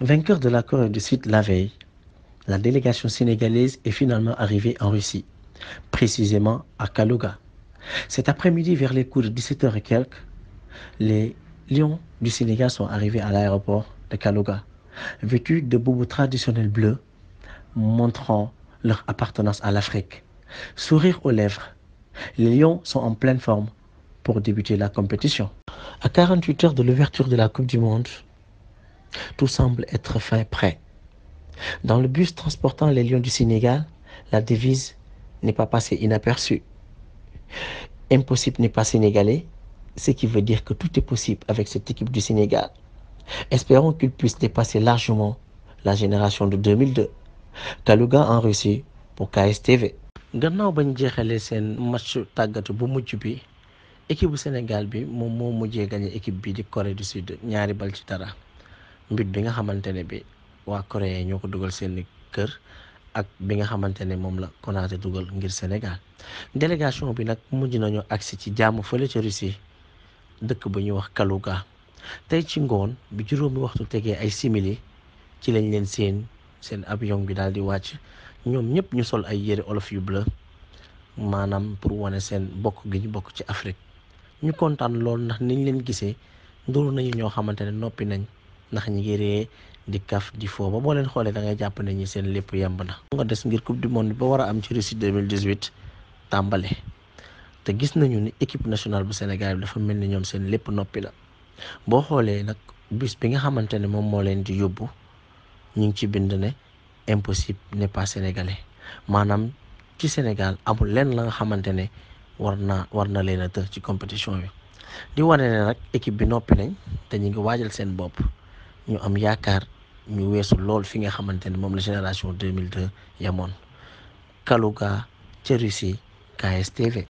Vainqueur de la Corée du Sud la veille, la délégation sénégalaise est finalement arrivée en Russie, précisément à Kaluga. Cet après-midi, vers les coups de 17h et quelques, les lions du Sénégal sont arrivés à de Kaluga, vêtus de boubous traditionnels bleus, montrant leur appartenance à l'Afrique. Sourire aux lèvres, les lions sont en pleine forme pour débuter la compétition. À 48 heures de l'ouverture la Tout semble être fin prêt. Dans le bus transportant les lions du Sénégal, la devise n'est pas passée inaperçue. Impossible n'est pas sénégalais, ce qui veut dire que tout est possible avec cette équipe du Sénégal. Espérons qu'il puisse dépasser largement la génération de 2002. Kaluga en Russie pour KSTV. gannaaw bañ jeexalee seen match tàggatu bu mujj bi équipe bu Sénégal bi moom moo mujjee gagné équipe bi di Corée du Sud ñaari bal dara. mbir bi nga xamante ne bi waa Corée ñoo ko dugal seeni kër ak bi nga xamante ne moom la Konaté dugal ngir Sénégal délégation bi nag mujj nañu agsi ci jàmm fële ca Russie dëkk ba ñuy wax Kaluga tey ci ngoon bi juróomi waxtu tegee ay simili ci lañ leen seen seen avion bi daal di wàcc ñoom ñëpp ñu sol ay yére olof yu bleu maanaam pour wane seen bokk gi ñu bokk ci Afrique ñu kontaan loolu ndax niñ leen gisee nduru nañu ñoo xamante ne noppi nañ ndax ñi ngi ree di kaf di foo ba moo leen xoolee dangay ngay jàpp ne ñi seen lépp yemb na. nga des ngir coupe du monde ba war a am ci Russie 2018 tàmbale te gis nañu ni équipe nationale bu Sénégal bi dafa mel ni ñoom seen lépp noppi la boo xoolee nag bis bi nga xamante ne moom moo leen di yóbbu ñu ngi ci bind ne impossible n'est pas sénégalais maanaam ci Sénégal amul lenn la nga xamante ne war naa war na leen a tër ci compétition bi di wane ne nag équipe bi noppi nañ te ñu ngi waajal seen bopp. ñu am yaakaar ñu weesu lool fi nga xamante ne moom la génération 2002 yamoon Kaluga ca Russie KSTV